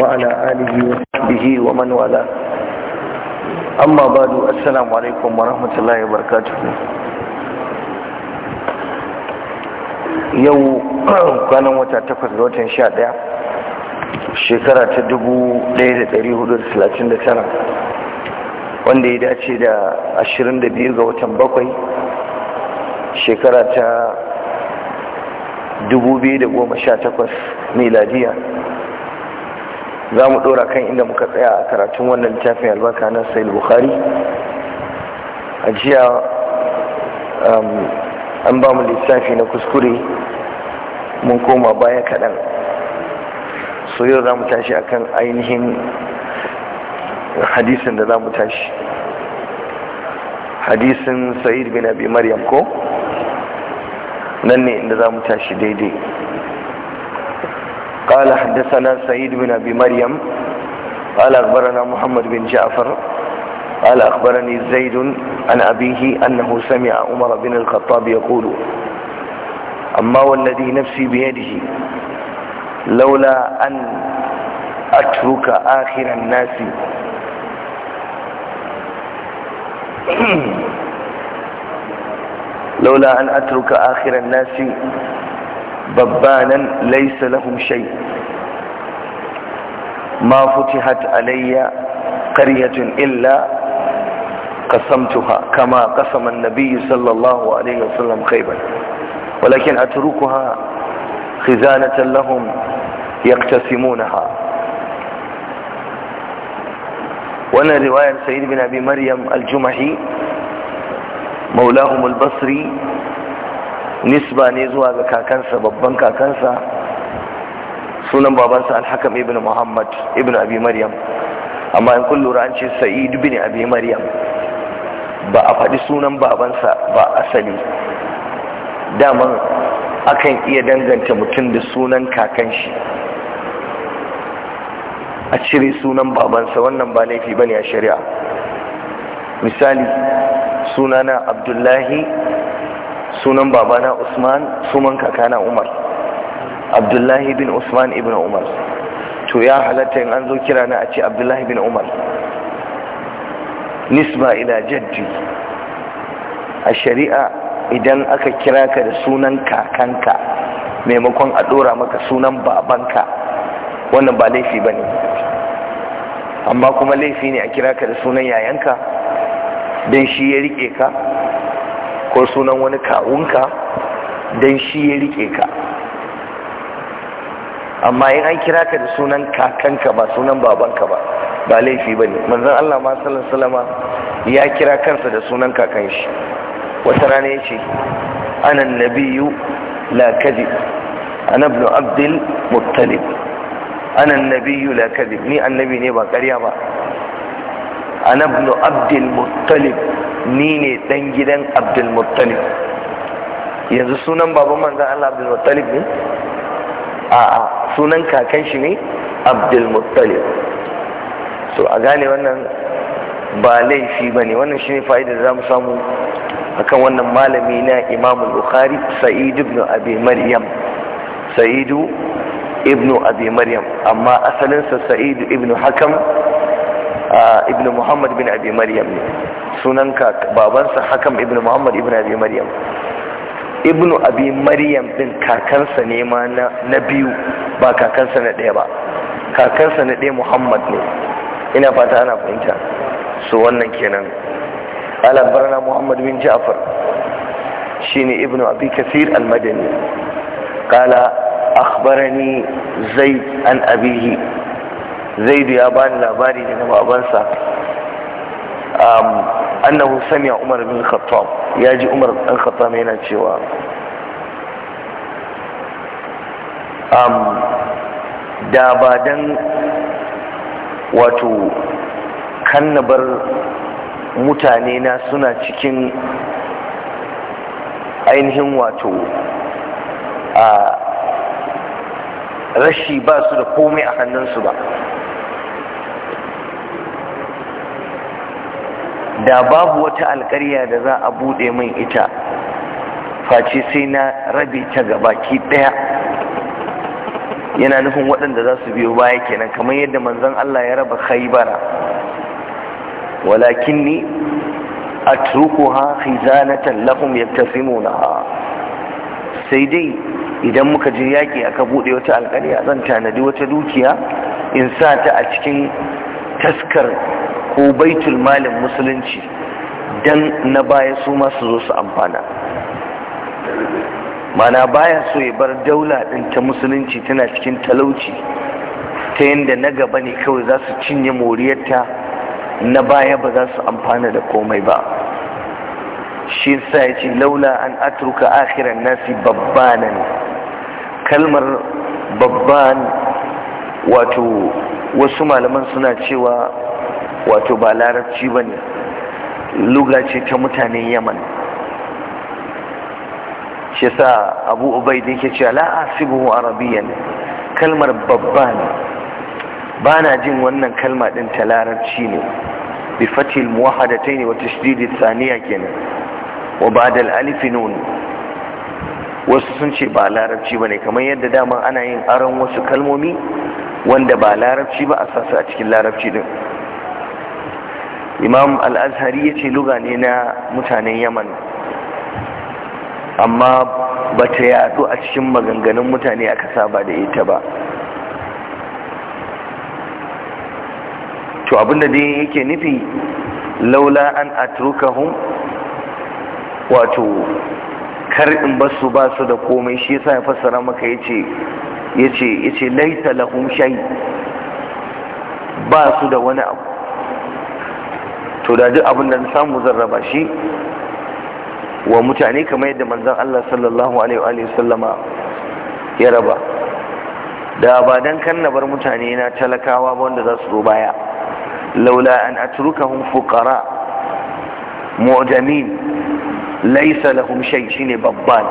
وعلى آله وصحبه ومن والاه أما بعد السلام عليكم ورحمة الله وبركاته yau kwanan wata takwas da watan sha ɗaya shekara ta dubu ɗaya da ɗari hudu da talatin da tara wanda ya dace da ashirin da biyu ga watan bakwai shekara ta 2018 miladiya za mu ɗora kan inda muka tsaya a karatun wannan littafin albarka na sayil bukari a jiya um, an ba mu littafi na kuskure mun koma baya kaɗan so za mu tashi a kan ainihin hadisin da za mu tashi hadisin sa'id bin abi maryam ko nan ne inda za قال حدثنا سعيد بن أبي مريم قال أخبرنا محمد بن جعفر قال أخبرني زيد عن أبيه أنه سمع عمر بن الخطاب يقول أما والذي نفسي بيده لولا أن أترك آخر الناس لولا أن أترك آخر الناس ببانا ليس لهم شيء ما فتحت علي قرية إلا قسمتها كما قسم النبي صلى الله عليه وسلم خيبا ولكن أتركها خزانة لهم يقتسمونها وانا رواية سيد بن أبي مريم الجمحي maulahum al-basri nisba ne zuwa ga kakansa babban kakansa sunan babansa alhakam hakam ibn muhammad ibn abi maryam amma in kun lura an ce sa'id ibn abi maryam ba a faɗi sunan babansa ba asali daman akan iya danganta mutum da sunan kakan shi a cire sunan babansa wannan ba laifi bane a shari'a misali sunana abdullahi sunan babana usman suman kakana umar abdullahi bin usman ibn umar to ya halatta in an zo kira na a ce abdullahi bin umar nisba ila jaddi a shari'a idan aka kira ka da sunan kakanka maimakon a ɗora maka sunan babanka wannan ba laifi ba ne amma kuma laifi ne a kira ka da sunan yayanka don shi ya rike ka ko sunan wani kawunka don shi ya rike ka amma in an kira ka da sunan kakanka ba sunan babanka ba ba laifi ba ne manzan Allah ma salama ya kira kansa da sunan kakan shi wata rana ya ce anan nabiyu la kadib abdul muttalib anan nabiyu la ni annabi ne ba karya ba ana ibn abdul muttalib ni ne dan gidan abdul muttalib yanzu sunan baban manzan Allah abdul muttalib ne a sunan kakan shi ne abdul muttalib so a gane wannan ba laifi ba ne wannan shi ne fa'idar da za mu samu akan wannan malami na imamu bukhari sa'id ibn abi maryam sa'idu ibn abi maryam amma asalinsa sa'idu ibn hakam ibn muhammad bin abi maryam ne sunanka babansa hakan ibn muhammad ibn abi maryam ibn abi maryam din kakansa ne ma na biyu ba kakansa na ɗaya ba kakansa na ɗaya muhammad ne ina fata ana fahimta su wannan kenan alabbarna muhammad bin ja'far shine ibn abi kasir al-madani qala akhbarani zaid an abihi zaidu ya bani labari daga babansa annahu sami'a umar bin khattab ya ji umar dan khattab yana cewa da ba dan wato kannabar mutane na suna cikin ainihin wato a rashi ba su da komai a hannunsu ba da babu wata alkarya da za a buɗe min ita face sai na rabe ta gabaki ɗaya yana nufin waɗanda za su biyo baya kenan kamar yadda manzon Allah ya raba khaybara walakinni atrukuha khizanatan lahum yaktasimunaha sai dai idan muka je yaƙi aka buɗe wata alkarya zan tanadi wata dukiya in sa ta a cikin taskar ko baitul malin musulunci dan na baya su masu zo su amfana mana baya so ya bar daula ɗin ta musulunci tana cikin talauci ta yadda na gaba ne kawai za su cinye moriyarta na baya ba za su amfana da komai ba shi sa ya ce laula an atruka akhiran nasi babbanan kalmar babban wato wasu malaman suna cewa wato ba larabci ba ne luga ce ta mutanen yaman shi sa abu ubai da yake cewa la'asibu arabiyan kalmar babba ne ba na jin wannan kalma din ta larabci ne bi fatil muwahadatai ne wata shididi ke kenan wa ba da al'alifi wasu sun ce ba larabci ba ne kamar yadda dama ana yin aron wasu kalmomi wanda ba larabci ba a sasa a cikin larabci din imam al'azhari ya ce luga ne na mutanen yaman amma ba ta yadu a cikin maganganun mutane aka saba da ita ba to abinda dai yake nufi laula an atrukahum wato kar in basu ba su da komai shi yasa ya fassara maka yace yace yace laita lahum shay ba su da wani abu to da duk abin da na samu zan raba shi wa mutane kamar yadda manzan Allah sallallahu alaihi wa sallama ya raba da ba don kan na bar mutane na talakawa ba wanda za su zo baya laula an atrukahum fukara. mu'tamin laisa lahum shay shine babban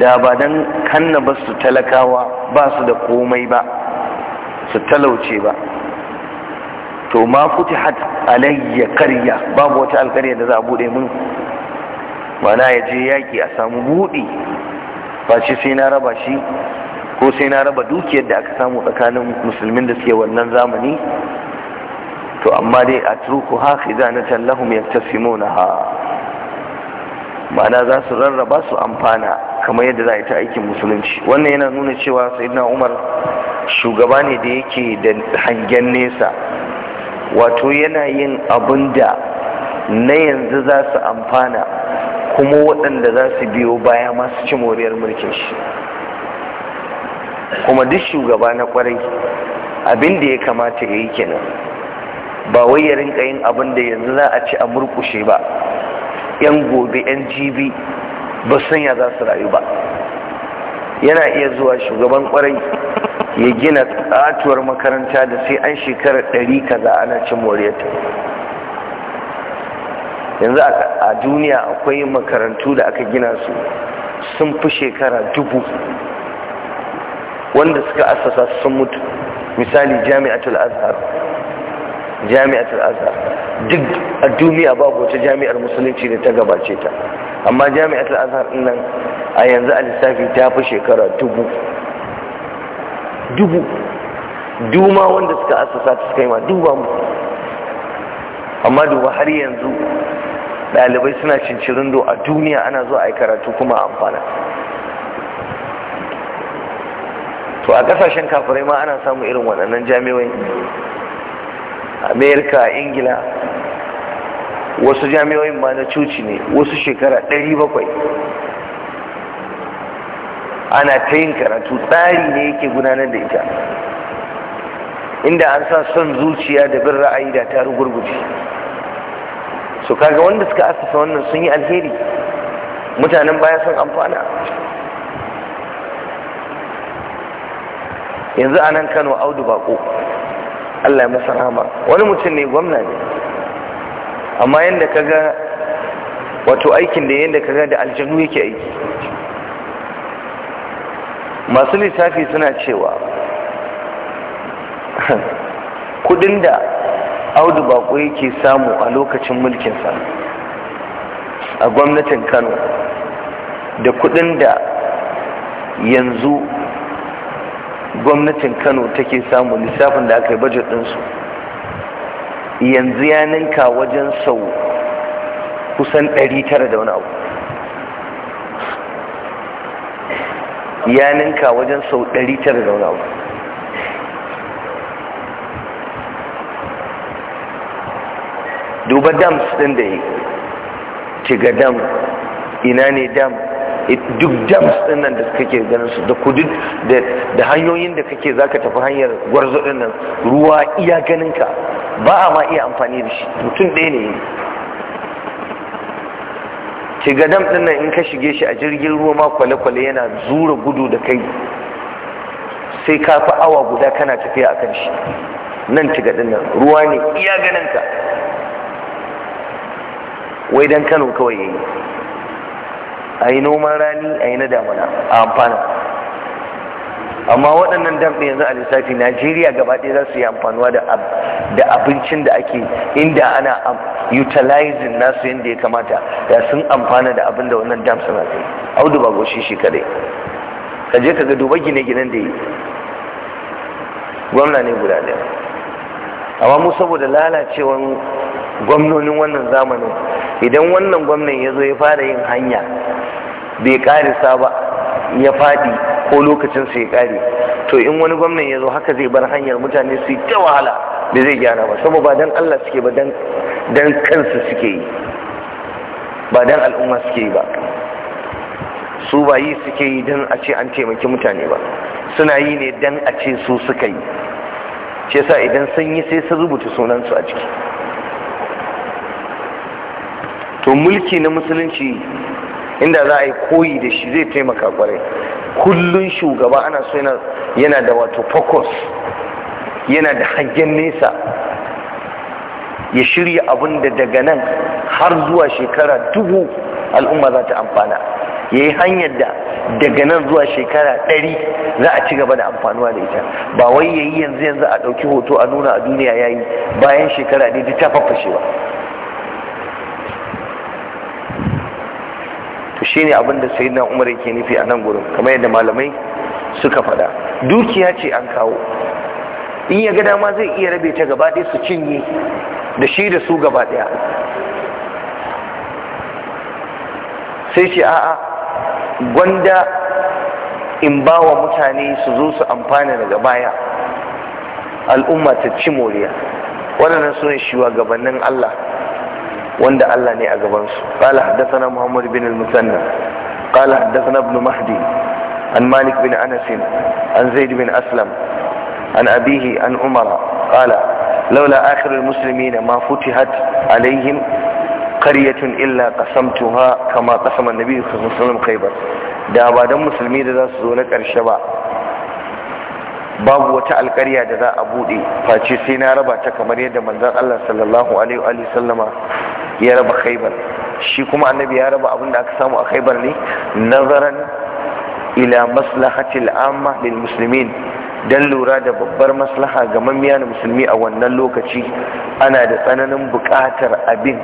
da ba don kan na su talakawa ba su da komai ba su talauce ba to ma futihat alayya karya babu wata alkarya da za a bude mun mana ya je yaki a samu buɗi ba shi sai na raba shi ko sai na raba dukiyar da aka samu tsakanin musulmin da suke wannan zamani to amma dai a turku haka zanatan lahum yaktasimuna ha Mana za su rarraba su amfana kamar yadda za a yi ta aikin musulunci wannan yana nuna cewa sayyidina umar shugaba ne da yake da hangen nesa wato yana yin abun da na yanzu za su amfana kuma waɗanda za su biyo baya masu ci moriyar mulkin shi kuma duk shugaba na kwarai abin da ya kamata ya yi kenan ba wai ya rinka yin abin da yanzu za a ci a murkushe ba yan gobe yan jibi ba sanya za su rayu ba yana iya zuwa shugaban kwarai ya gina tsatuwar makaranta da sai an shekarar ɗari kaza ana cin moriyata yanzu a duniya akwai makarantu da aka gina su sun fi shekara dubu wanda suka asasa sun mutu misali jami'atul azhar jami'atul azhar duk a duniya babu wata jami'ar musulunci da ta gabace ta amma jami'atul azhar nan a yanzu a lissafi ta fi shekara dubu dubu duma wanda suka asasa suka yi ma duba mu amma duba har yanzu ɗalibai suna do, a duniya ana zuwa a yi karatu kuma amfana to a ƙasashen kafirai ma ana samun irin waɗannan jami'ai amerika ingila wasu jami'o'in ma na coci ne wasu shekara 700 ana ta yin karatu tsari ne yake gudanar da ita inda an sa son zuciya da bin ra'ayi da ta rugurguje su kaga wanda suka asasa wannan sun yi alheri mutanen baya sun amfana yanzu a nan kano audu bako allah ya masa rahama wani mutum ne gwamna ne amma yadda kaga wato aikin da yadda kaga da aljanu yake aiki masu lissafi suna cewa kudin da audu bako yake samu a lokacin mulkinsa a gwamnatin kano da kudin da yanzu gwamnatin kano take samu lissafin da aka yi bajet ɗinsu yanzu ya ninka wajen sau kusan 900 da wani abu ya ninka wajen sau 900 da wani duba dams ɗin da yi kiga dam ina ne dam duk dams ɗin nan da kake ganin su da kudu da hanyoyin da kake za ka tafi hanyar gwarzo ɗin nan ruwa iya ganinka ba a ma iya amfani da shi mutum ɗaya ne shiga dam ɗin nan in ka shige shi a jirgin ruwa ma kwale-kwale yana zura gudu da kai sai ka fi awa guda kana tafiya kan shi nan shiga ɗin nan ruwa ne iya ganin ka wai dan kano kawai yayi a yi noman rani a yi na damana a amfana amma waɗannan dam ɗin yanzu a lissafi najeriya gaba ɗaya za su yi amfanuwa da abincin da ake inda ana utilizing nasu yadda ya kamata da sun amfana da abin da wannan dam suna kai audu ba goshi shi kadai ka je ka ga duba gine-ginen da yi gwamna ne guda ɗaya amma mu saboda lalacewan gwamnonin wannan zamanin idan wannan gwamnan ya zo ya fara yin hanya bai karisa ba ya faɗi ko lokacin su ya kare to in wani gwamnan ya zo haka zai bar hanyar mutane su yi ta wahala da zai gyara ba saboda ba dan Allah suke ba dan dan kansu suke yi ba dan al'umma suke yi ba su ba yi suke yi dan a ce an taimaki mutane ba suna yi ne dan a ce su suka yi ce sa idan sun yi sai su rubuta sunansu a ciki to mulki na musulunci inda za a yi koyi da shi zai taimaka kwarai kullun shugaba ana so yana da wato focus yana da hangen nesa ya shirya abin da daga nan har zuwa shekara dubu al'umma za ta amfana ya yi hanyar da daga nan zuwa shekara ɗari za a ci gaba da amfanuwa da ita ba wai ya yi yanzu yanzu a ɗauki hoto a nuna a duniya ya yi bayan shekara ɗaya ta fafashe ba shi ne abin da sayyidina umar yake nufi a nan gurin kamar yadda malamai suka faɗa dukiya ce an kawo in ya ga dama zai iya rabe ta gaba ɗaya su cinye da shi da su gaba ɗaya sai ce a'a gwanda in ba wa mutane su zo su amfana daga baya al'umma ta ci moriya waɗannan su ne shugabannin Allah wanda Allah ne a gabansu. su qala haddathana muhammad bin al-musanna qala haddathana ibn mahdi an malik bin anas an zaid bin aslam an abihi an umara qala laula akhir al-muslimin ma futihat alaihim qaryatun illa qasamtuha kama qasama an da ba don musulmi da za su zo na ƙarshe ba babu wata alkarya da za a bude face sai na raba ta kamar yadda manzon Allah sallallahu alaihi wa sallama ya raba khaibar shi kuma annabi ya raba abin da aka samu a khaibar ne nazaran ila maslahatil amma lil muslimin dan lura da babbar maslaha ga mamiya na musulmi a wannan lokaci ana da tsananin buƙatar abin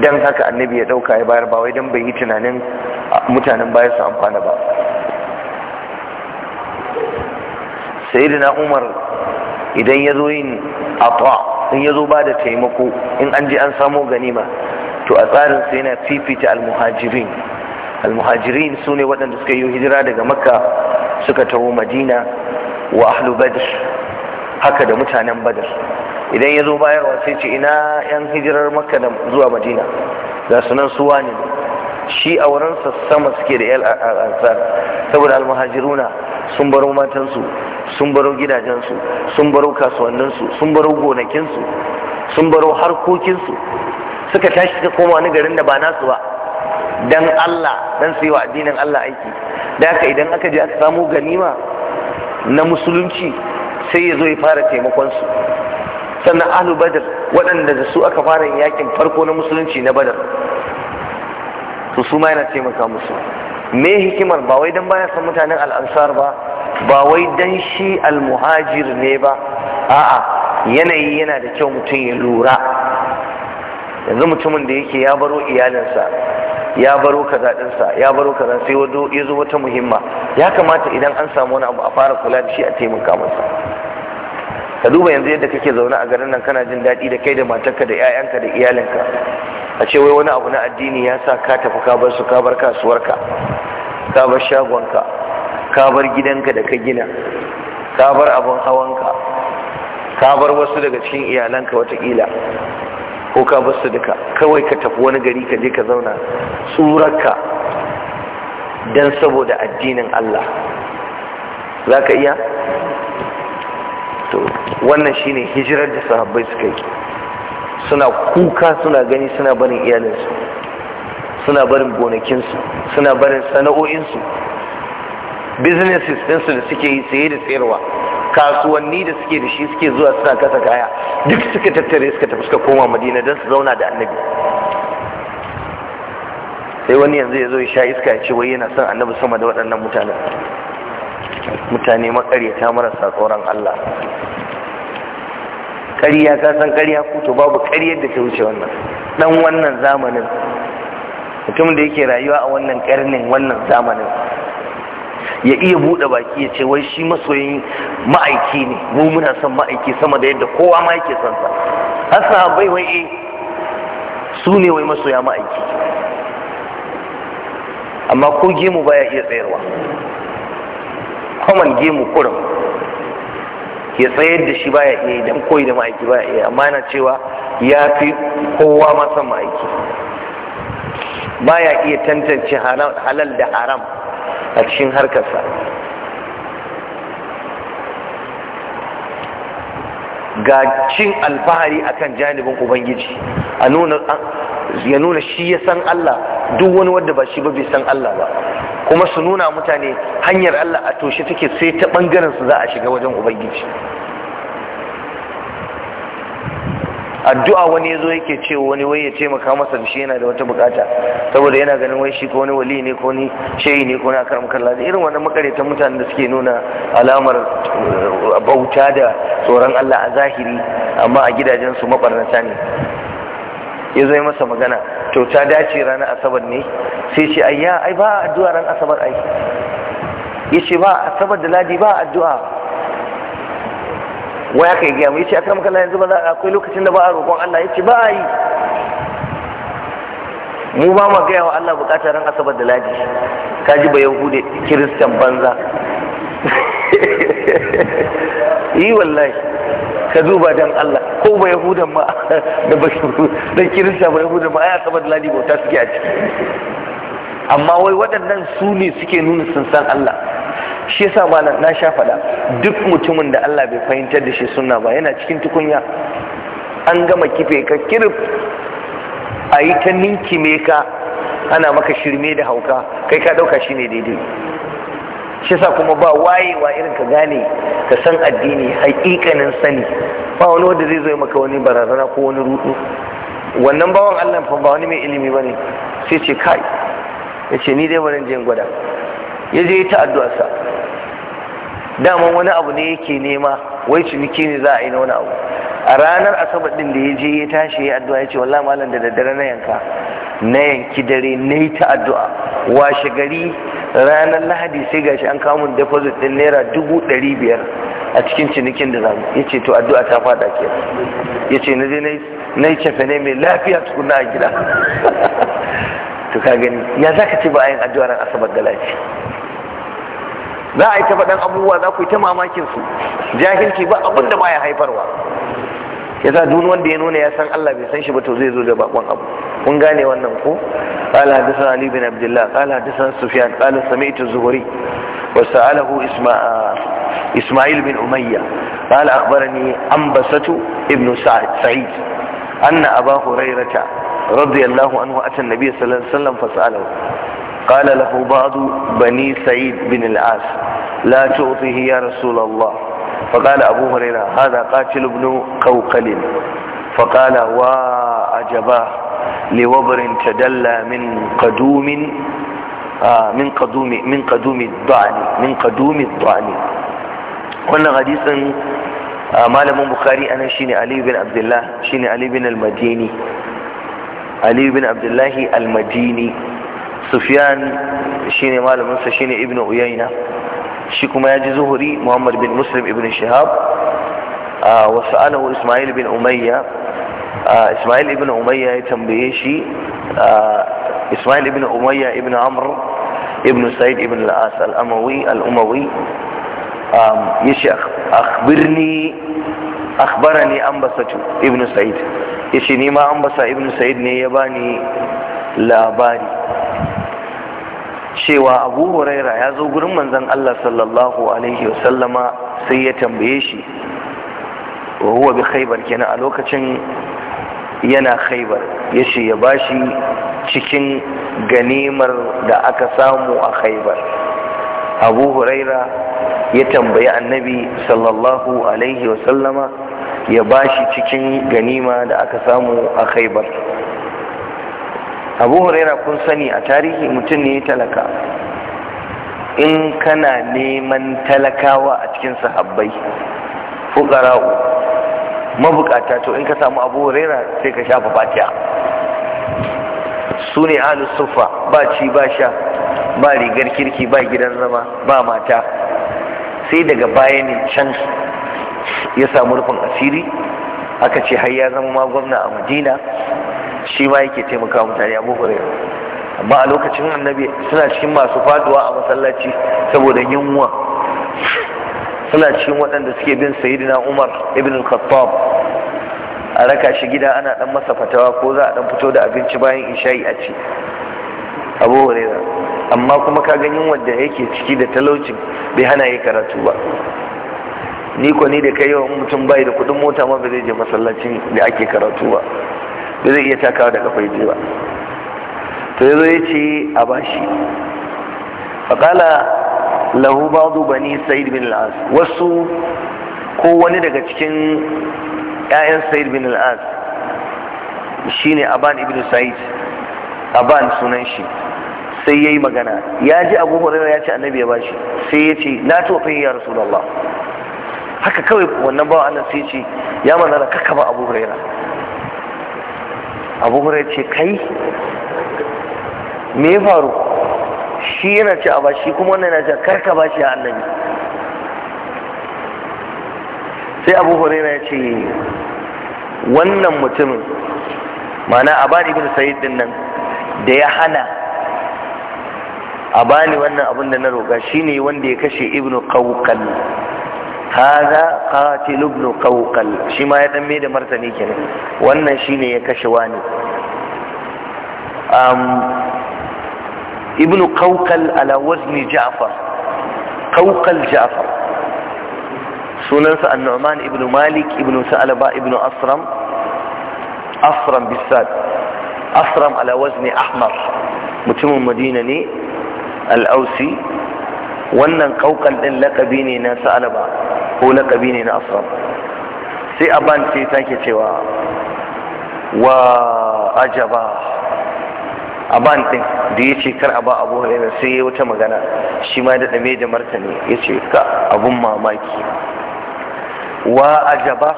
dan haka annabi ya dauka ya bayar ba wai dan bai yi tunanin mutanen baya su amfana ba sayyidina umar idan ya zo yin ata in ya zo ba da taimako in an je an samo ganima to a tsarin sai yana fifita almuhajirin almuhajirin su ne waɗanda suka yi hijira daga makka suka taho madina wa ahlu badr haka da mutanen badr idan ya zo bayarwa sai ce ina yan hijirar makka zuwa madina ga sunan suwa ne shi a wurin sama suke da yal ansar saboda almuhajiruna sun baro matansu sun baro gidajensu sun baro kasuwanninsu sun baro gonakinsu sun baro harkokinsu suka tashi suka koma wani garin da ba nasu ba dan Allah dan su yi wa addinin Allah aiki da haka idan aka je aka samu ganima na musulunci sai ya zo ya fara taimakon su sannan ahlu badr waɗanda da su aka fara yakin farko na musulunci na badar to su ma yana taimaka musu me hikimar ba wai dan baya san mutanen al'ansar ba ba wai dan shi almuhajir ne ba a'a yanayi yana da kyau mutum ya lura yanzu mutumin da yake ya baro iyalinsa ya baro kaza dinsa ya baro kaza sai wado ya zo wata muhimma ya kamata idan an samu wani abu a fara kula da shi a taimaka masa ka duba yanzu yadda kake zaune a garin nan kana jin daɗi da kai da matarka da 'ya'yanka da iyalinka a ce wai wani abu na addini ya sa ka tafi ka bar su ka bar kasuwarka ka bar shagonka ka bar gidanka da ka gina ka bar abin hawanka ka bar wasu daga cikin iyalanka watakila ko ka bar su duka kawai ka tafi wani gari ka je ka zauna tsurarka don saboda addinin Allah za ka iya? to wannan shine hijirar da sahabbai suka yi suna kuka suna gani suna barin iyalinsu suna barin gonakinsu suna barin sana'o'insu businesses ɗinsu da suke yi saye da tsayarwa kasuwanni da suke da shi suke zuwa suna kasa kaya duk suka tattare suka tafi suka koma madina don su zauna da annabi sai wani yanzu ya zo ya sha iska ya ce wai yana son annabi sama da waɗannan mutanen mutane makaryata marasa tsoron Allah kariya ka san kariya ko to babu kariyar da ta wuce wannan dan wannan zamanin mutum da yake rayuwa a wannan ƙarnin wannan zamanin ya iya buɗe baki ya ce wai shi masoyin ma'aiki ne mu muna son ma'aiki sama da yadda kowa ma yake son sa hasa bai wai eh su ne wai masoya ma'aiki amma ko gemu baya iya tsayarwa kwaman gemu kurum ya tsayar da shi baya iya idan koyi da ma'aiki baya iya amma yana cewa ya fi kowa ma son ma'aiki baya iya tantance halal da haram a cikin harkarsa ga cin alfahari akan janibin ubangiji ya nuna shi ya san Allah duk wani wadda ba shi ba bai san Allah ba kuma su nuna mutane hanyar Allah a toshe take sai ta bangaren su za a shiga wajen ubangiji addu'a wani yazo yake ce wani wai ya ce maka masa da shi yana da wata bukata saboda yana ganin wai shi ko wani wali ne ko ni shehi ne ko na karam kallah da irin wannan makaretan mutanen da suke nuna alamar uh, bauta da tsoron Allah a zahiri amma a gidajen su mabarnata ne yazo yi masa magana to ta dace ranar asabar ne sai ce ayya ai ba addu'a ran asabar ai yace ba asabar da ladi ba addu'a waya kai gaya mu yace akram maka yanzu ba za akwai lokacin da ba a roƙon Allah yace ba ai mu ba mu gaya wa Allah bukatar ran asabar da ladi Ka ji ba yahude kiristan banza yi wallahi ka zuba dan Allah ko ba yahudan ma da bashiru dan kirista ba yahudan ma ai aka da ladi bauta suke a ciki amma wai waɗannan su ne suke nuna sun san Allah shi yasa malam na sha faɗa duk mutumin da Allah bai fahimtar da shi sunna ba yana cikin tukunya an gama kife ka kirif a yi ta me ka ana maka shirme da hauka kai ka ɗauka shi ne daidai shi sa kuma ba wayewa irin ka gane ka san addini hakikanin sani ba wani wanda zai zo maka wani barazana ko wani rudu wannan bawan Allah fa ba wani mai ilimi bane sai ce kai ya ce ni dai barin je gwada ya je ta addu'arsa dama wani abu ne yake nema wai ciniki ne za a yi na wani abu a ranar asabar din da ya je ya tashi ya addu'a ya ce wallahi malam da daddare na yanka na yanki dare na yi ta addu'a washe gari ranar lahadi sai gashi an kawo mun deposit din naira dubu ɗari biyar a cikin cinikin da zamu ya ce to addu'a ta fada ke ya ce na je na yi cefe ne mai lafiya tukuna a gida to ka gani ya za ka ce ba a yin addu'a ran asabar da lafiya za a yi ta faɗan abubuwa za ku yi ta mamakin su jahilci ba abin da baya haifarwa yasa duk wanda ya nuna ya san Allah bai san shi ba to zai zo da bakon abu kun gane wannan ko qala hadathana ali bin abdullah qala hadathana sufyan qala sami'tu zuhri wa sa'alahu isma'il bin umayya qala akhbarani ambasatu ibn sa'id anna aba hurairata radiyallahu anhu ata an-nabiy sallallahu alaihi wasallam fa sa'alahu قال له بعض بني سعيد بن العاص لا تعطيه يا رسول الله فقال أبو هريرة هذا قاتل ابن قوقل فقال عجباه لوبر تدلى من قدوم آه، من قدوم من قدوم الضعن من قدوم الضعن wannan hadisin آه، مالم بخاري أنا شيني علي بن عبد الله شيني علي بن المديني علي بن عبد الله المديني sufyan shine malaminsa, sa shine ibnu uyayna shi kuma ya ji zuhuri muhammad bin muslim Ibnu shihab wa sa'alahu isma'il bin umayya isma'il Ibnu umayya ya tambaye shi isma'il Ibnu umayya Ibnu amr Ibnu sa'id Ibnu al-as al-amawi al-umawi yace akhbirni akhbarani ambasatu ibn sa'id yace ni ma ambasa Ibnu sa'id ne ya bani labari cewa abu huraira ya zo gurin manzon Allah sallallahu alaihi wasallama sai ya tambaye shi wa huwa bi khaybar kenan a lokacin yana khaybar yace ya bashi cikin ganimar da aka samu a khaybar abu huraira ya tambayi annabi sallallahu alaihi wasallama ya bashi cikin ganima da aka samu a khaybar abu huraira kun sani a tarihi mutum ne talaka in kana neman talakawa a cikin sahabbai fukara'u mabukata to in ka samu abu huraira sai ka shafa fatiya su ne alusufa ba ci ba sha ba rigar kirki ba gidan zama ba mata sai daga baya ne can ya samu rufin asiri aka ce har ya zama ma gwamna a madina shi ma yake taimaka mutane abu hurairu amma a lokacin annabi suna cikin masu faduwa a masallaci saboda yunwa suna cikin waɗanda suke bin sayidina umar ibn al-khattab a raka shi gida ana dan masa fatawa ko za a dan fito da abinci bayan isha'i a ci abu hurairu amma kuma ka ganin wanda yake ciki da talaucin bai hana yi karatu ba ni ko ni da kai yawan mutum bai da kudin mota ma ba je masallacin da ake karatu ba ba zai iya takawa da kafa ba to yazo ya ce a bashi faƙala lahu ba bani sa'id bin al wasu ko wani daga cikin 'ya'yan sa'id bin al-as shine aban ibn sa'id aban sunan shi sai yi magana ya ji abu ya ce annabi ya bashi sai ya ce na tofin ya Allah. haka kawai wannan bawa Allah sai ya ce ya manzara kakaba ba abu abu hurairu ce kai me faru shi yana ci a ba shi kuma wannan yana ci karka ba shi a annabi sai abu huraira ya ce wannan mutumin mana a bani bin sayid din nan da ya hana a bani wannan abin da na roƙa shine wanda ya kashe ibnu kawukan haza qatil ibn qawqal shi ma ya dan mai da martani kenan wannan shine ya kashe wani um ibn qawqal ala wazni ja'far qawqal ja'far sunansa an-nu'man ibn malik ibn sa'laba ibn asram asram bisad asram ala wazni ahmar mutumin madina ne al-ausi wannan qawqal din laqabi ne na sa'laba ko laƙabi ne na asram sai a ce ta ke cewa wa ajaba A ban din da ya ce kar a ba abu hulaira sai ya wata magana shi ma daɗa mai da martani ya ce ka abun mamaki wa ajaba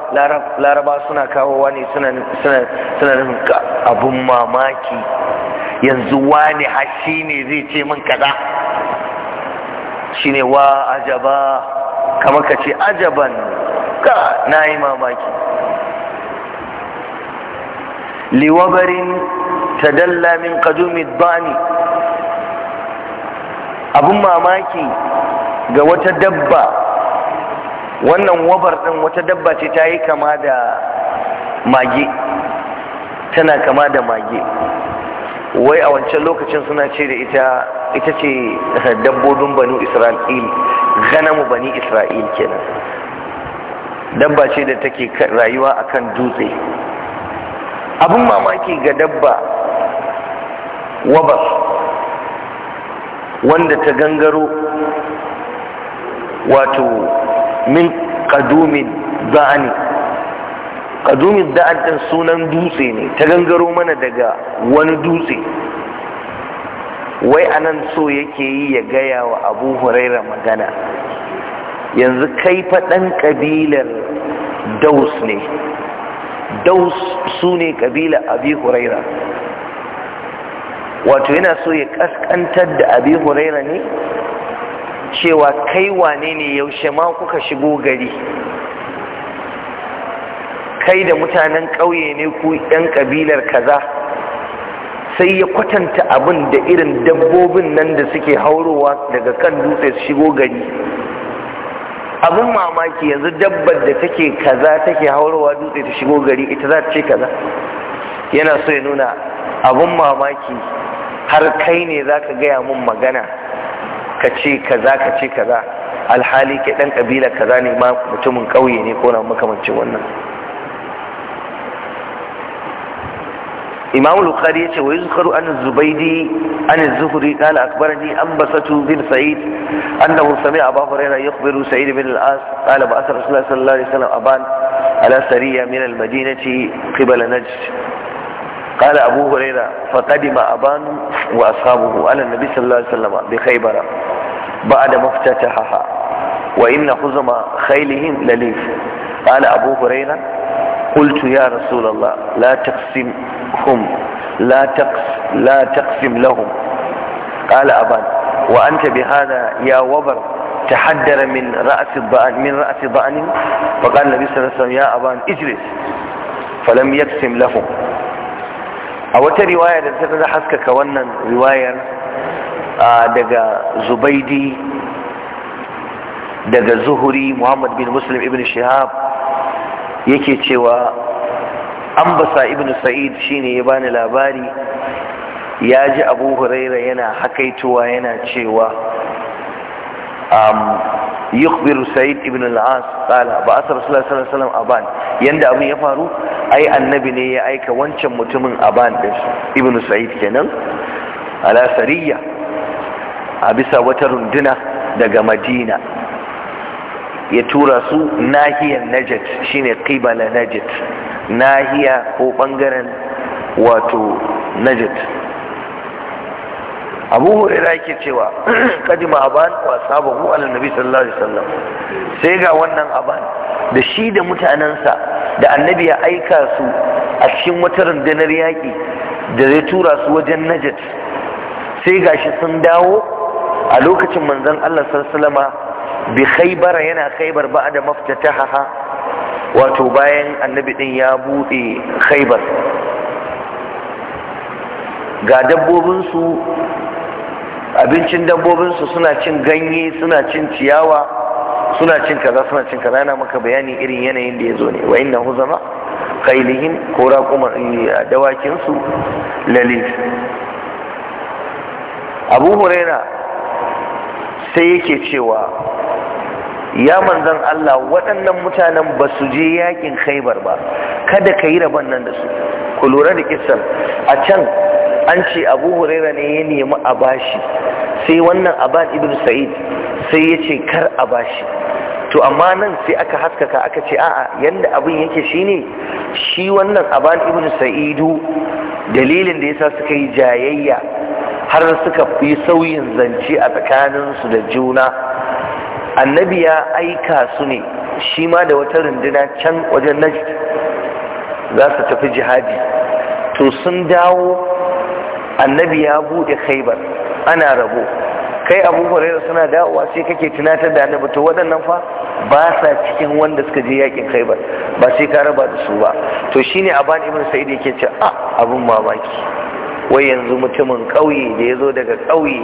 laraba suna kawowa wani suna nufin ka abun mamaki yanzu wani hashi ne zai ce min kaza Shi ne wa ajaba Kamar ka ce ajaban ka na yi mamaki liwabarin ta min kadumi bani abin mamaki ga wata dabba wannan wabar ɗin wata dabba ce ta yi kama da mage tana kama da mage wai a wancan lokacin suna ce da ita ita ce dabbobin banu isra'il ganamu bani isra'il kenan dabba ce da take rayuwa akan dutse abin mamaki ga dabba wabas wanda ta gangaro wato min kadumin za'ani kadumin da'an sunan dutse ne ta gangaro mana daga wani dutse wai anan so yake yi ya gaya wa abu huraira magana yanzu kai faɗan ƙabilar daus ne daus su ne ƙabila abi huraira wato yana so ya ƙasƙantar da abi huraira ne cewa kai wane ne yaushe ma kuka shigo gari kai da mutanen ƙauye ne ku ɗan ƙabilar kaza sai ya kwatanta abin da irin dabbobin nan da suke haurowa daga kan dutse su shigo gari abin mamaki yanzu dabbar da take kaza take haurowa dutse ta shigo gari ita za ta ce kaza yana so ya nuna abin mamaki har kai ne za ka gaya mun magana ka ce kaza ka ce kaza alhali ke dan ƙabila kaza ne ma mutumin ƙauye ne ko na makamancin wannan imam al-bukhari yace wa yuzkaru an zubaydi an az-zuhri qala akbarani ambasatu bin sa'id annahu sami'a abu hurayra sa'id bin as qala ba athar rasulullah sallallahu alaihi wasallam aban ala sariya min al-madinati qibla najd قال أبو هريرة فقدم أبان وأصحابه على النبي صلى الله عليه وسلم بخيبر بعد ما افتتحها وإن خزم خيلهم لليف قال أبو هريرة قلت يا رسول الله منهم لا تقسم, لا تقسم لهم قال أبان وأنت بهذا يا وبر تحدر من رأس الضأن من رأس ضأن فقال النبي صلى الله عليه وسلم يا أبان اجلس فلم يقسم لهم a wata riwaya da ta da haskaka wannan riwayar daga zubaidi daga zuhuri muhammad bin muslim ibn shihab yake cewa ambasa ibn sa'id shine ya bani labari ya ji abu huraira yana hakaituwa yana cewa um, yukbiru sa'id ibn al-as ba asar sallallahu alaihi wasallam aban yanda abin ya faru ai annabi ne ya aika wancan mutumin aban din ibn sa'id kenan ala sariya a bisa wata runduna daga madina ya tura su nahiyar najat shine qibala najat nahiya ko ɓangaren wato najat abu huraira yake cewa kadima aban wa sabahu ala nabi sallallahu alaihi wasallam sai ga wannan aban da shi da mutanensa da annabi ya aika su a cikin wata rundunar yaƙi da zai tura su wajen najat sai ga shi sun dawo a lokacin manzon Allah sallallahu alaihi wasallama bi khaybar yana khaybar ba'da da maftataha wato bayan annabi din ya buɗe khaibar ga dabbobinsu abincin dabbobinsu suna cin ganye suna cin ciyawa suna cin kaza suna cin kaza yana maka bayani irin yanayin da ya zo ne wa inna huzama kailihin ko raƙumar eh, dawakinsu lalil abu huraira sai yake cewa ya manzan Allah waɗannan mutanen ba su je yakin khaibar ba kada ka yi rabon nan da su ku lura da kisan a can an ce abu huraira ne ya nemi a bashi sai wannan abad ibn sa'id sai ya ce kar a bashi to amma nan sai aka haskaka aka ce a'a yadda abin yake shine shi wannan abad ibn sa'idu dalilin da ya sa suka yi jayayya har suka fi sauyin zance a tsakaninsu da juna annabi ya aika su ne shi ma da wata runduna can wajen najd za su tafi jihadi to sun dawo annabi ya bude khaibar ana rabo kai abubuwar hurairu suna dawowa sai kake tunatar da annabi to waɗannan fa ba sa cikin wanda suka je yakin khaibar ba sai ka raba da su ba to shine aban ibn sa'id yake ce a ah, abun mamaki wai yanzu mutumin ƙauye da ya zo daga ƙauye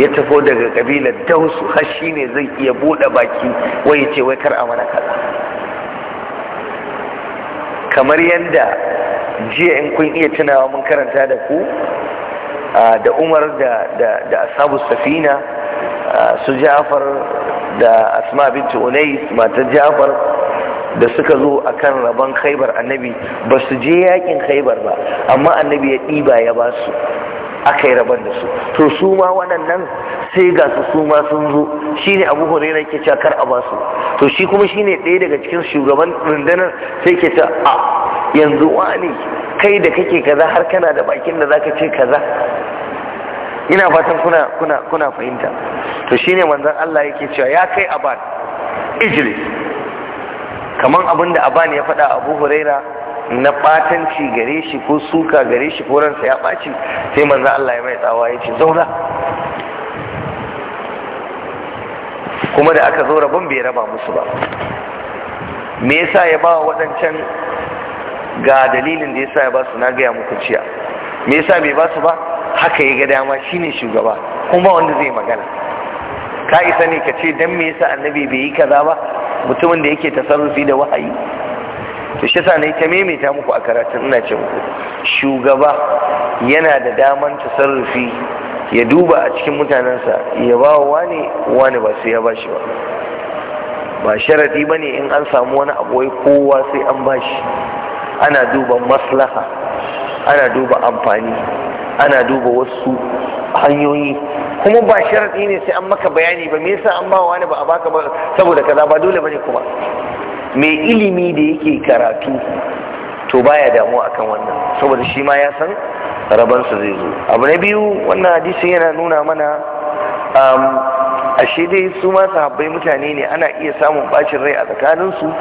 ya tafo daga kabilar dausu har shi ne zai iya buɗe baki wai ya ce wai kar a mana kaza kamar yadda jiya in kun iya tunawa mun karanta da ku da umar da asabu safina su jafar da asma bintu unais matar jafar da suka zo a kan rabon khaibar annabi ba su je yakin khaibar ba amma annabi ya ɗiba ya ba su aka yi rabon da su to su ma waɗannan sai ga su su ma sun zo Shi ne abu huraira ke cewa kar a basu to shi kuma shi ne ɗaya daga cikin shugaban rundunar sai ke ta a yanzu wani kai da kake kaza har kana da bakin da zaka ce kaza ina fatan kuna kuna kuna fahimta to shine manzon Allah yake cewa ya kai aban ijlis kaman abinda aban ya faɗa abu huraira na batanci gare shi ko suka gare shi ko ransa ya ɓaci sai manzo Allah ya mai tsawa ya ce zauna kuma da aka zo rabon bai raba musu ba me yasa ya ba waɗancan ga dalilin da yasa ya ba su na gaya muku ciya me yasa bai ba su ba haka ya ga dama shine shugaba kuma wanda zai magana ka isa ne ka ce dan me yasa annabi bai yi kaza ba mutumin da yake tasarrufi da wahayi to shi sa ne ta maimaita muku a karatun ina ce muku shugaba yana da daman tasarrufi ya duba a cikin mutanensa ya ba wa wani wani ba sai ya ba shi ba ba sharadi ba ne in an samu wani abuwai kowa sai an ba shi ana duba maslaha ana duba amfani ana duba wasu hanyoyi kuma ba sharadi ne sai an maka bayani ba me yasa an ba wani ba a baka ba saboda kaza ba dole bane kuma mai ilimi da yake karatu to baya damuwa akan wannan saboda shi ma ya san rabansa zai zo abu na biyu wannan hadisin yana nuna mana um, ashe dai su ma sahabbai mutane ne ana iya samun bacin rai a tsakaninsu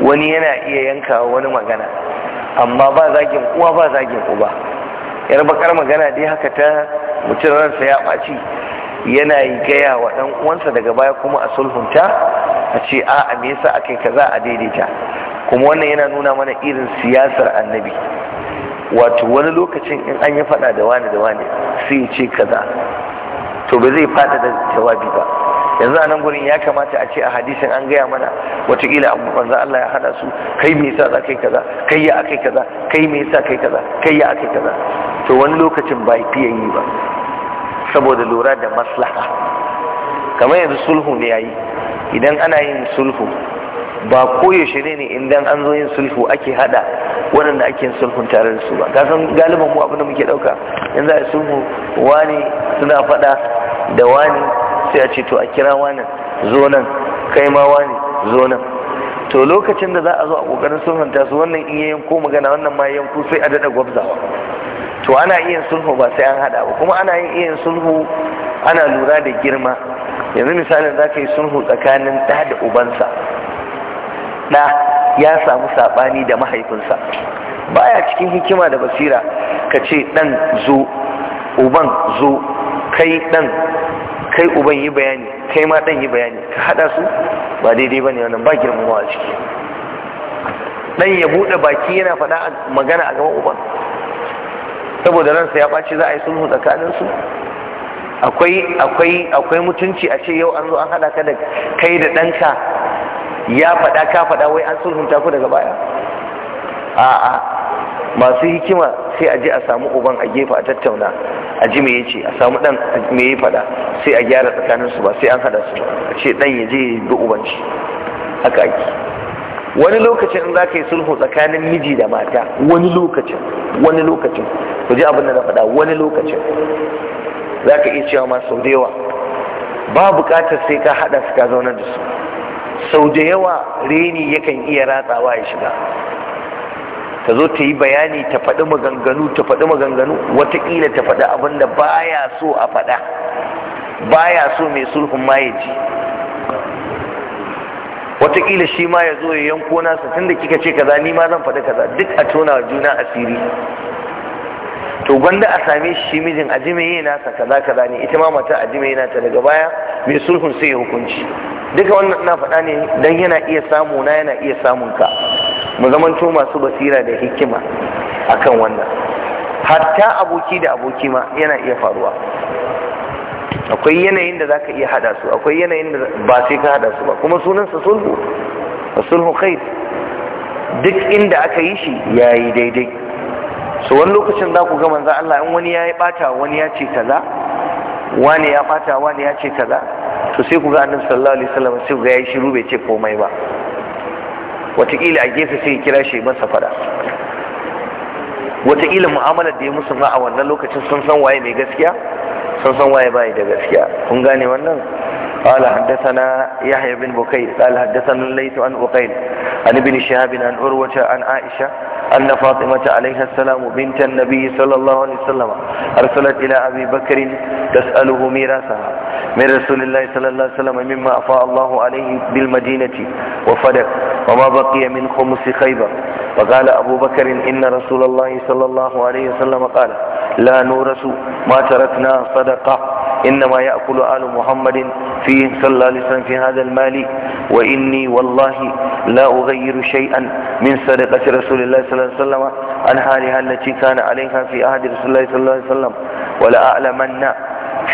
wani yana iya yanka wani magana amma ba zagin uwa ba zagin uba yar bakar magana dai haka ta mutum ransa ya ɓaci yana yi gaya wa ɗan uwansa daga baya kuma a sulhunta a ce a me yasa aka yi kaza a daidaita kuma wannan yana nuna mana irin siyasar annabi wato wani lokacin in an yi faɗa da wani da wani sai ya ce kaza to ba zai faɗa da jawabi ba yanzu a nan gurin ya kamata a ce a hadisin an gaya mana wataƙila abu manzo Allah ya hada su kai me yasa kai kaza kai ya akai kaza kai me yasa kai kaza kai ya akai kaza to wani lokacin ba fiye yi ba saboda lura da maslaha kamar yanzu sulhu ne yayi idan ana yin sulhu ba koyaushe ne ne idan an zo yin sulhu ake hada waɗanda ake yin sulhun tare da su ba kasan galiban mu abinda muke ɗauka yanzu za a yi sulhu wani suna faɗa da wani sai a ce to a kira wani zo nan kai ma wani zo nan to lokacin da za a zo a ƙoƙarin sulhunta su wannan in ko magana wannan ma yanku sai a daɗa gwabzawa to ana iya sulhu ba sai an hada ba kuma ana iya sulhu ana lura da girma yanzu misalin za ka yi sulhu tsakanin ɗa da ubansa ɗa ya samu saɓani da mahaifinsa baya cikin hikima da basira ka ce ɗan zo uban zo kai ɗan kai uban yi bayani kai ma ɗan yi bayani ka haɗa su ba daidai ba ne wannan ba girmamawa ciki ɗan ya buɗe baki yana faɗa magana a gaban uban saboda ransa ya ɓaci za a yi sulhu tsakaninsu akwai akwai akwai mutunci a ce yau an zo an haɗa ka da kai da ɗanka ya faɗa ka faɗa wai an ta ku daga baya a'a masu hikima sai a je a samu uban a gefe a tattauna a ji me yace a samu dan me ya faɗa sai a gyara tsakaninsu ba sai an haɗa su a ce dan ya je ya bi ubanci haka ake wani lokacin za ka yi sulhu tsakanin miji da mata wani lokacin wani lokacin ku ji abin da na faɗa wani lokacin za ka iya cewa masu sau da yawa ba buƙatar sai ka haɗa su ka zaunar da su sau da yawa reni yakan iya ratsawa ya shiga ta zo ta yi bayani ta faɗi maganganu ta faɗi maganganu Wataƙila ta faɗi abin da baya so a faɗa baya so mai sulhun ma ya ji watakila shi ma ya zo ya yanko nasa tun da kika ce kaza ni ma zan faɗi kaza duk a tona juna asiri to gwanda a same shi mijin a yi nasa kaza kaza ne ita ma mata a yi nata daga baya mai sulhun sai ya hukunci duka wannan na faɗa ne don yana iya samu na yana iya samun ka mu zamanto masu basira da hikima akan wannan hatta aboki da aboki ma yana iya faruwa akwai yanayin da zaka iya hada su akwai yanayin da ba sai ka hada su ba kuma sunansa sulhu sulhu khair duk inda aka yi shi yayi daidai so wani lokacin za ku ga manzo Allah in wani yayi bata wani ya ce kaza wani ya bata wani ya ce kaza to sai ku ga annabi sallallahu alaihi wasallam sai ku ga yayi shiru bai ce komai ba wataƙila a gefe sai kira shi masa fada wataƙila mu'amalar da ya musu ma a wannan lokacin sun san waye mai gaskiya sun san waye bai da gaskiya kun gane wannan قال حدثنا يحيى بن بكير قال حدثنا الليث عن أقيل عن ابن شهاب عن عروة عن عائشة أن فاطمة عليها السلام بنت النبي صلى الله عليه وسلم أرسلت إلى أبي بكر تسأله ميراثها من رسول الله صلى الله عليه وسلم مما أفاء الله عليه بالمدينة وفدك وما بقي من خمس خيبر فقال أبو بكر إن رسول الله صلى الله عليه وسلم قال لا نورث ما تركنا صدقة إنما يأكل آل محمد فيه صلى الله عليه وسلم في هذا المال وإني والله لا أغير شيئا من صدقة رسول الله صلى الله عليه وسلم عن حالها التي كان عليها في عهد رسول الله صلى الله عليه وسلم ولا أعلمن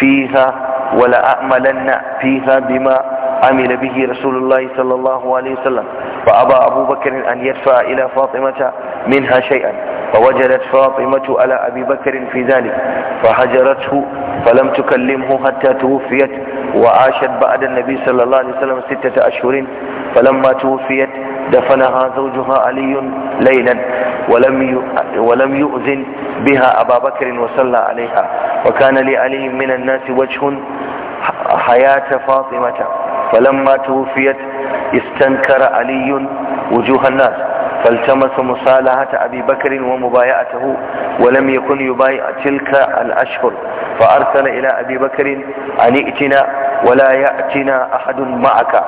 فيها ولا أعملن فيها بما عمل به رسول الله صلى الله عليه وسلم فأبى أبو بكر أن يدفع إلى فاطمة منها شيئا فوجدت فاطمة على أبي بكر في ذلك فهجرته فلم تكلمه حتى توفيت وعاشت بعد النبي صلى الله عليه وسلم ستة أشهر فلما توفيت دفنها زوجها علي ليلا ولم ولم يؤذن بها أبا بكر وصلى عليها وكان لعلي من الناس وجه حياة فاطمة فلما توفيت استنكر علي وجوه الناس فالتمس مصالحة أبي بكر ومبايعته ولم يكن يبايع تلك الأشهر فأرسل إلى أبي بكر أن ائتنا ولا يأتنا أحد معك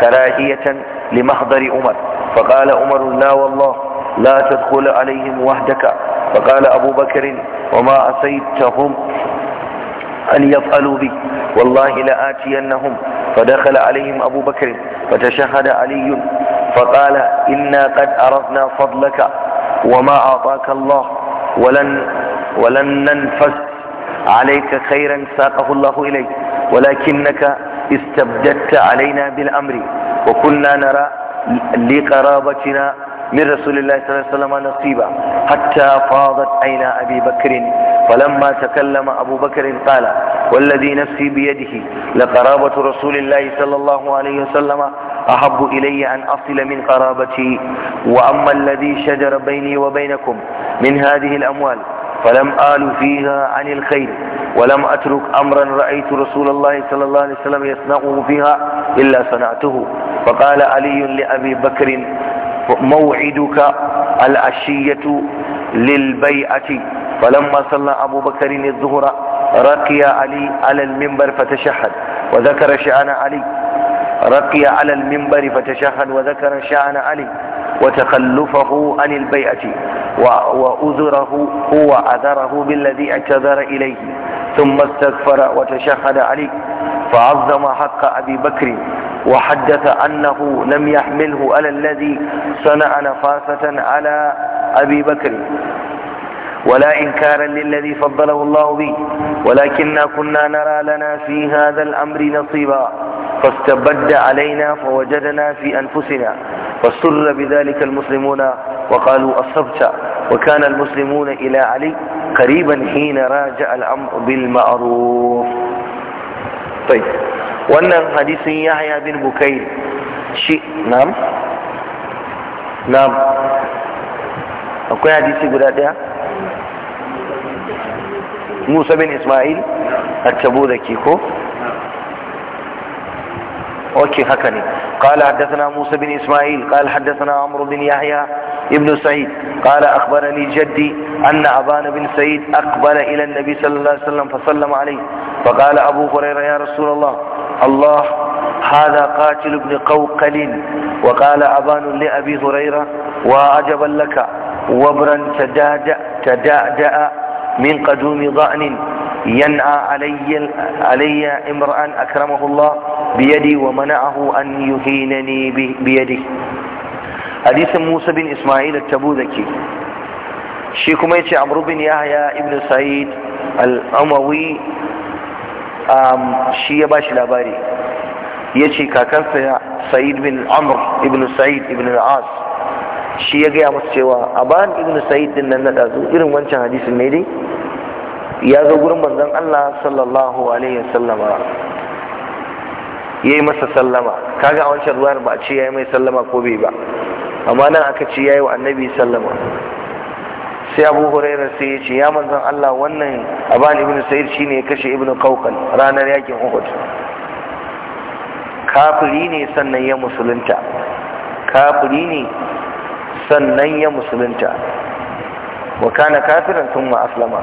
كراهية لمحضر عمر فقال عمر لا والله لا تدخل عليهم وحدك فقال أبو بكر وما عصيتهم أن يفعلوا بي والله لآتينهم فدخل عليهم أبو بكر فتشهد علي فقال إنا قد عرفنا فضلك وما أعطاك الله ولن ولن ننفس عليك خيرا ساقه الله إليك ولكنك استبددت علينا بالأمر وكنا نرى لقرابتنا من رسول الله صلى الله عليه وسلم نصيبا حتى فاضت عين أبي بكر فلما تكلم أبو بكر قال والذي نفسي بيده لقرابة رسول الله صلى الله عليه وسلم أحب إلي أن أصل من قرابتي وأما الذي شجر بيني وبينكم من هذه الأموال فلم آل فيها عن الخير ولم أترك أمرا رأيت رسول الله صلى الله عليه وسلم يصنعه فيها إلا صنعته فقال علي لأبي بكر موعدك العشية للبيعة فلما صلى أبو بكر الظهر رقي علي على المنبر فتشهد وذكر شأن علي رقي على المنبر فتشهد وذكر شأن علي وتخلفه عن البيعة وأذره هو أذره بالذي اعتذر إليه ثم استغفر وتشهد علي فعظم حق أبي بكر وحدث أنه لم يحمله على الذي صنع نفاسة على أبي بكر ولا إنكارا للذي فضله الله به ولكننا كنا نرى لنا في هذا الأمر نصيبا فاستبد علينا فوجدنا في أنفسنا فسر بذلك المسلمون وقالوا أصبت وكان المسلمون إلى علي قريبا حين راجع الأمر بالمعروف طيب وانا حديث يحيى بن بكير شيء نعم نعم akwai hadisi guda daya musa bin ismail a da ko اوكي هكني قال حدثنا موسى بن اسماعيل قال حدثنا عمرو بن يحيى ابن سعيد قال اخبرني جدي ان ابان بن سعيد اقبل الى النبي صلى الله عليه وسلم فسلم عليه فقال ابو هريره يا رسول الله الله هذا قاتل ابن قوقل وقال ابان لابي هريره وعجبا لك وبرا تدادأ تدادأ من قدوم ضأن ينأى علي علي امرأ أكرمه الله بيدي ومنعه أن يهينني بيدي حديث موسى بن إسماعيل التبوذكي شي كما يتي عمرو بن يحيى ابن سعيد الأموي شي باش لاباري يتي كاكن سعيد بن عمرو ابن سعيد ابن العاص shi ya gaya masa cewa aban ibn sa'id din nan na dazu irin wancan hadisin ne dai ya zo gurin manzon Allah sallallahu alaihi ya yayi masa sallama kaga a wancan ruwan ba a ce yayi mai sallama ko bai ba amma nan aka ce yayi wa annabi sallama sai abu hurairar sai ya ce ya manzon Allah wannan aban ibn sa'id shine ya kashe ibn qawqal ranar yakin uhud kafiri ne sannan ya musulunta kafiri ne sannan ya musulunta wa kana kafiran thumma aslama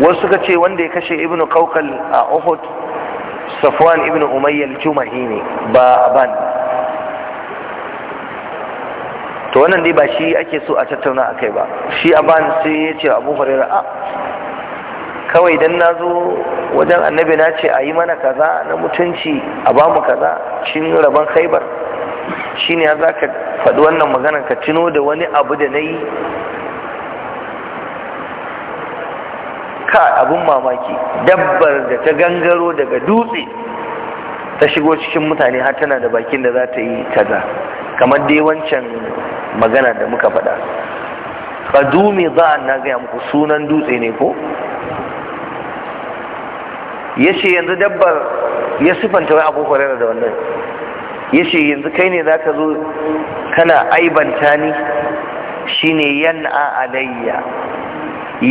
wasu suka ce wanda ya kashe ibn kaukal a uhud safwan ibn umayyal jumahi ne ba aban to wannan dai ba shi ake so a tattauna akai ba shi aban sai ya ce abu hurairah a ah, kawai dan nazo wajen annabi na ce a yi mana kaza na mutunci a ba mu kaza cin rabon khaibar shine ya ka faɗi wannan maganar ka tuno da wani abu da na yi ka abin mamaki dabbar da ta gangaro daga dutse ta shigo cikin mutane har tana da bakin da za ta yi kaza kamar dai wancan magana da muka faɗa kadumi za na gaya muku sunan dutse ne ko ya ce yanzu dabbar ya sifanta wai abu da wannan ya ce yanzu kai ne za ka zo kana aibanta ni shine yan'a alayya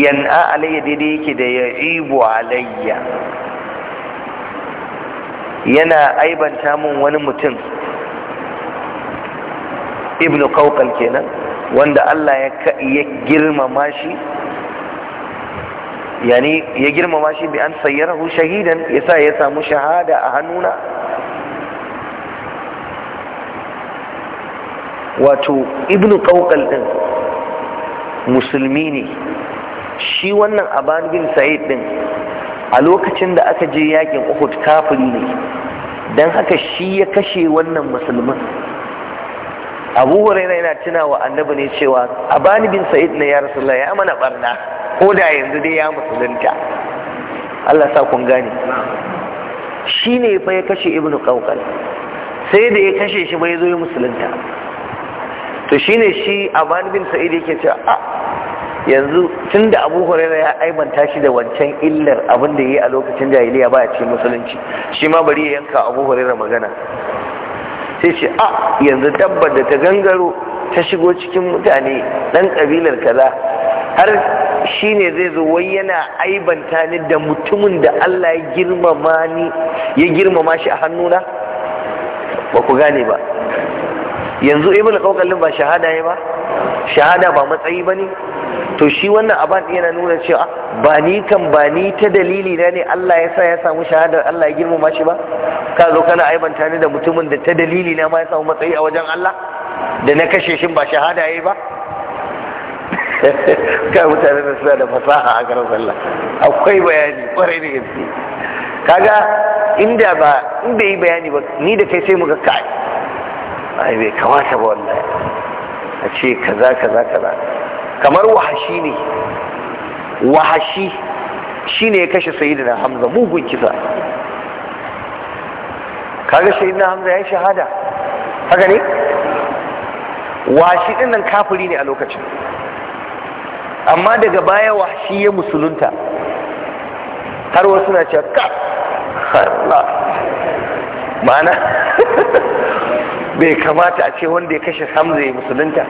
yan'a alayya daidai yake da ya ya'ibu alayya yana aibanta mun wani mutum ibnu kaukal kenan wanda Allah ya girmama shi yani ya girmama shi bi an sayyarahu shahidan yasa ya samu shahada a hannuna wato ibnu kaukal din musulmi ne shi wannan aban bin sa'id din a lokacin da aka je yakin uhud kafiri ne don haka shi ya kashe wannan musulmin abu huraira yana tuna wa annabi ne cewa aban bin sa'id na ya rasulullah ya mana barna ko da yanzu dai ya musulunta Allah sa kun gane shi ne fa ya kashe ibnu qaukal sai da ya kashe shi bai zo ya musulunta to shine shi aban bin sa'id yake cewa a ah, yanzu tun da abu huraira ya aibanta shi da wancan illar abin da yi a lokacin jahiliya ba ya ce musulunci shi ma bari ya yanka abu horaira magana sai ce a ah, yanzu dabbar da ta gangaro ta shigo cikin mutane ɗan ƙabilar kaza har shi ne zai zo wai yana aibanta ni da mutumin da Allah ya girmama ni ya girmama shi a hannuna ba ku gane ba yanzu ibn kaukalin ba shahada ya ba shahada ba matsayi ba ne to shi wannan aban yana nuna cewa ba ni kan ba ni ta dalili na ne Allah ya sa ya samu shahadar Allah ya girmama shi ba ka zo kana aibanta ni da mutumin da ta dalili na ma ya samu matsayi a wajen Allah da na kashe shi ba shahada yayi ba ka mutane da suna da fasaha a garin Allah akwai bayani kwarai da gaske kaga inda ba in bai yi bayani ba ni da kai sai muka kai ai bai kamata ba wallahi a ce kaza kaza kaza kamar wahashi ne wahashi shi ne ya kashe sayidina hamza mugun kisa kaga sayidina hamza ya yi shahada haka ne Wahashi ɗin nan kafiri ne a lokacin amma daga baya wahashi ya musulunta har wasu na cewa ka ma'ana bai kamata a ce wanda ya kashe hamza ya musulunta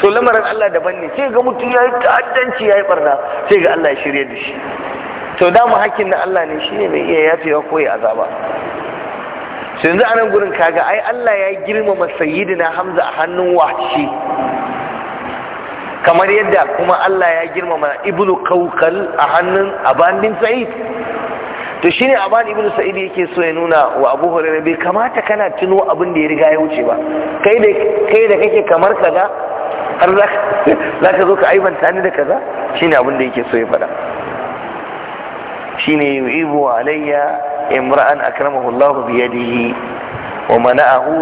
to lamarin Allah daban ne sai ga mutum ya yi ta'addanci ya yi barna sai ga Allah ya shirya da shi to dama hakkin na Allah ne shine mai iya yafewa ko ya azaba sai yanzu a nan gurin kaga ai Allah ya girmama sayyidina Hamza a hannun washi kamar yadda kuma Allah ya girmama ibnu kaukal a hannun aban bin sa'id to shine aban ibnu sa'id yake so ya nuna wa abu hurairah bai kamata kana tuno abin da ya riga ya wuce ba kai da kai da kake kamar kaga har za ka zo ka aibanta ni da kaza shine abin da yake so ya faɗa shine yu'ibu alayya imra'an akramahu Allah bi yadihi wa mana'ahu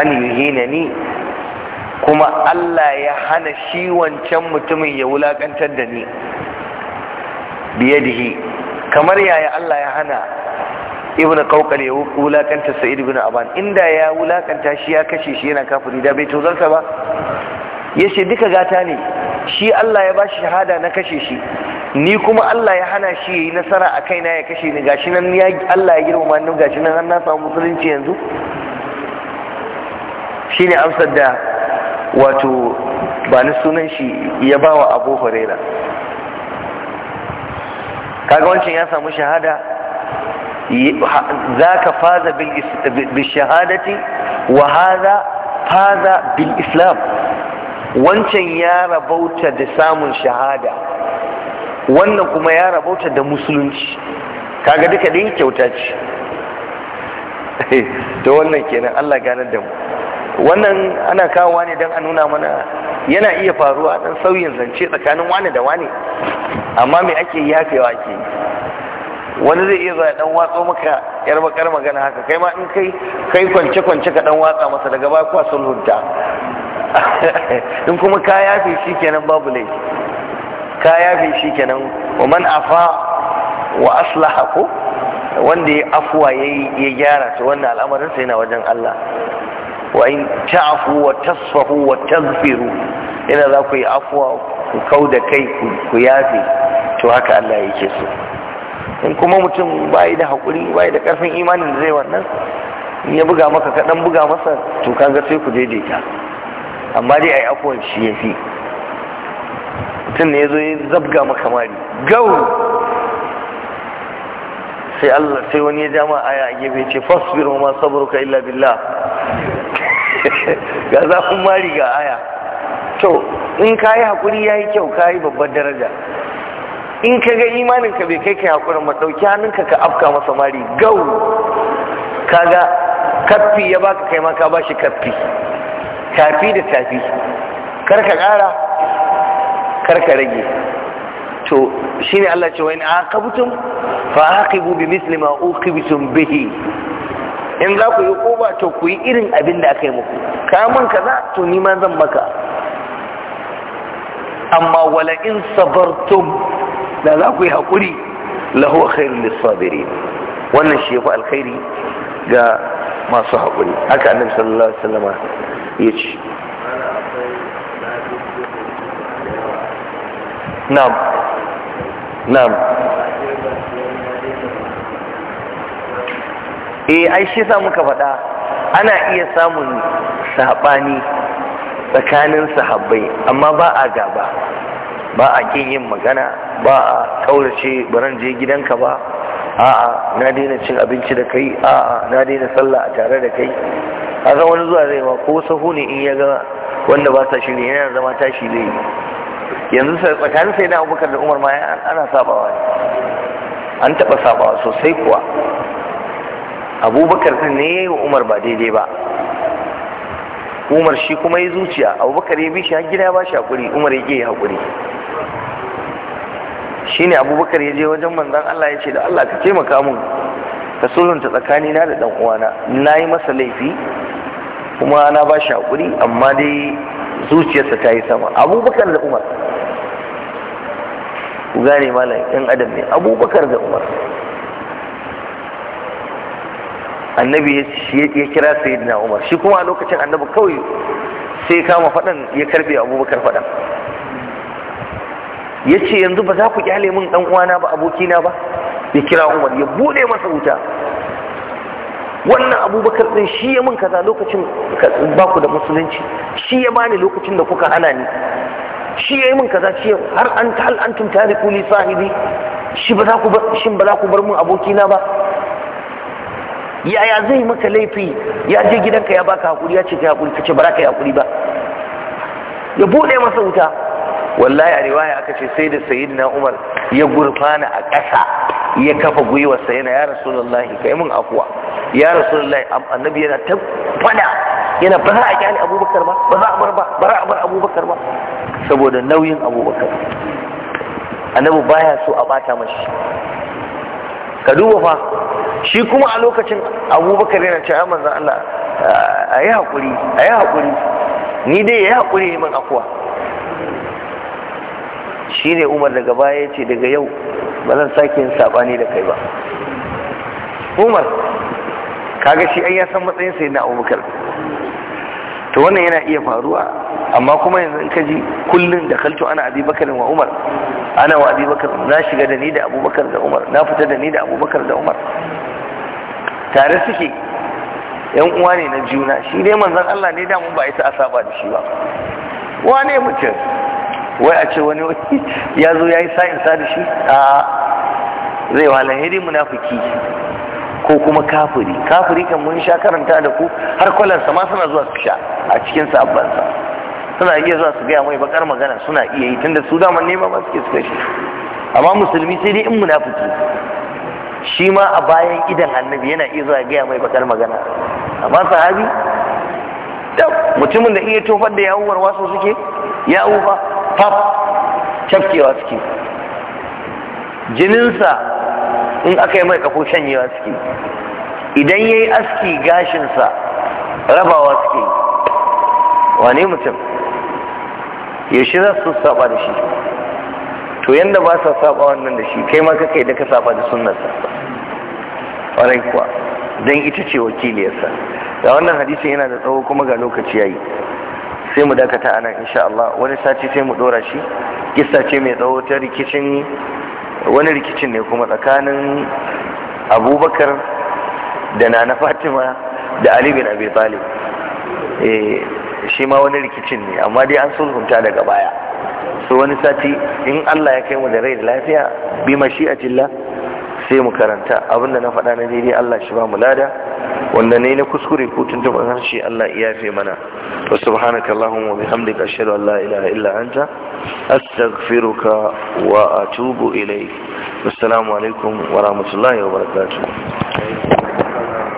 an yuhinani kuma Allah ya hana shi wancan mutumin ya wulakantar da ni bi yadihi kamar yaya Allah ya hana ibn qaukal ya wulakanta sa'id ibn aban inda ya wulakanta shi ya kashe shi yana kafiri da bai tozarsa ba ya ce duka gata ne shi Allah ya bashi shahada na kashe shi ni kuma Allah ya hana shi ya yi nasara a kaina ya kashe ni gashi nan ya Allah ya girma ma gashi nan har na samu musulunci yanzu shine amsar da wato ba ni sunan shi ya bawa Abu kaga wancan ya samu shahada zaka faza bil shahadati wa hadha faza bil islam wancan ya rabauta da samun shahada wannan kuma ya rabauta da musulunci kaga duka dai kyauta ce to wannan kenan Allah ganar da mu wannan ana kawowa ne don a nuna mana yana iya faruwa dan sauyin zance tsakanin wane da wane amma me ake yafewa ake yi wani zai iya zai dan watsa maka yar bakar magana haka kai ma in kai kai kwance kwance ka dan watsa masa daga baya kuwa sulhunta in kuma ka yafe shi kenan babu laifi ka yafe shi kenan wa man afa wa aslaha ko wanda ya afuwa ya gyara ta wannan al'amarin sai na wajen Allah wa in ta'fu wa tasfahu wa tagfiru. ina za ku yi afuwa ku kau da kai ku yafe to haka Allah yake so in kuma mutum bai da hakuri bai da karfin imanin da zai wannan in ya buga maka kaɗan buga masa to kaga sai ku daidaita amma dai a yi afuwan shi ya fi mutum ne ya zo ya zabga maka mari gau sai Allah sai wani ya jama aya a gefe ce fasbir ma ka illa billah ga zafin mari ga aya to in ka yi haƙuri ya yi kyau ka yi babbar daraja in ka ga imaninka bai kai kai haƙurin ba ɗauki hannunka ka afka masa mari gau kaga kaffi ya baka kai ma ka bashi kaffi tafi da tafi karka ƙara karka rage to shine Allah ce wani aqabtum fa aqibu bi misli ma uqibtum bihi in za ku yi koba to ku yi irin abin da aka yi muku kamun kaza to ni ma zan maka amma wala in sabartum da za ku yi haƙuri lahu khairul lisabirin wannan shi yafi alkhairi ga masu haƙuri haka annabi sallallahu alaihi wasallama ya ce na'am na'am eh ai shi sa muka faɗa ana iya samun saɓani tsakanin sahabbai amma ba a gaba ba a kin yin magana ba a kaurace baran je gidanka ba a'a na daina cin abinci da kai a'a na daina sallah a tare da kai kaga wani zuwa zai ma ko sahu ne in ya ga wanda ba sa shiri yana zama tashi zai yanzu tsakanin sai na abubakar da umar ma ana sabawa ne an taɓa sabawa sosai kuwa abubakar kan ne ya wa umar ba daidai ba umar shi kuma ya zuciya abubakar ya bi shi har gida ba shi haƙuri umar ya ƙi haƙuri shi ne abubakar ya je wajen manzan allah ya ce da allah ka taimaka min ka sulhunta tsakanina da ɗan uwana na yi masa laifi kuma na ba shi haƙuri amma dai zuciyarsa ta yi sama abubakar da umar ku gane malam ɗan adam ne abubakar da umar annabi ya kira na umar shi kuma a lokacin annabi kawai sai kama faɗan ya karbe abubakar faɗan ya ce yanzu ba za ku kyale min ɗan uwana ba abokina ba ya kira umar ya buɗe masa wuta wannan abubakar din shi ya min kaza lokacin ba ku da musulunci shi ya bani lokacin da kuka hana ni shi ya yi min kaza shi har an hal antum tariku li sahibi shi ba za ku bar shin ba za ku bar min abokina ba yaya zai maka laifi ya je gidanka ya baka hakuri ya ce ka hakuri kace ba za ka yi hakuri ba ya buɗe masa wuta wallahi a riwaya aka ce sai da sayyidina umar ya gurfana a ƙasa ya kafa gwiwarsa yana ya rasulullahi kai mun afuwa ya rasulullahi annabi yana ta fada yana ba za a kyale abubakar ba ba za a bar ba ba za a bar abubakar ba saboda nauyin abubakar annabi baya so a bata mashi ka duba fa shi kuma a lokacin abubakar yana cewa manzon Allah a yi haƙuri a yi haƙuri ni dai ya yi haƙuri min afuwa shi ne umar daga baya ya ce daga yau ba zan sake yin saɓani da kai ba umar kaga shi an ya san matsayin sai na abubakar to wannan yana iya faruwa amma kuma yanzu in ka ji kullum da kalto ana abubakar wa umar ana wa abubakar na shiga da ni da abubakar da umar na fita da ni da abubakar da umar tare suke yan uwa ne na juna shi dai manzan Allah ne damun ba a yi ta saba da shi ba wane mutum wai a ce wani ya zo ya yi sa'in sa da shi a zai wa lahiri munafiki ko kuma kafiri kafiri kan mun sha karanta da ku har kwalarsa ma suna zuwa su sha a cikin sabbansa suna iya zuwa su gaya mai bakar magana suna iya yi tunda su daman nema ba suke suka shi amma musulmi sai dai in munafiki shi ma a bayan idan annabi yana iya zuwa gaya mai bakar magana amma sahabi mutumin da iya tofar da yawuwar wasu suke yawu faf cafkewa suke jininsa in aka yi mai kafo shanyewa suke idan ya yi aski gashinsa rabawa suke wane mutum yaushe za su saba da shi to yadda ba sa saba wannan da shi kai ma kai da ka saba da sunnarsa ƙwarai kuwa don ita ce wakiliyarsa da wannan hadisin yana da tsawo kuma ga lokaci ya yi. sai mu dakata anan insha Allah wani sati sai mu dora shi kissa ce mai tsawo ta rikicin wani rikicin ne kuma tsakanin abubakar da nana fatima da ali bin abi talib eh, shi ma wani rikicin ne amma dai an sulhunta daga baya so wani sati in Allah ya kai mu da rai da lafiya bi mashi'atillah sai mu karanta abinda na faɗa na daidai Allah shi ba mu lada wanda ne na kuskure ko tuntuɓar harshe Allah ya fi mana wa subhanaka Allahumma wa bihamdika ashhadu an la ilaha illa anta astaghfiruka wa atubu ilayk assalamu alaikum wa rahmatullahi wa barakatuh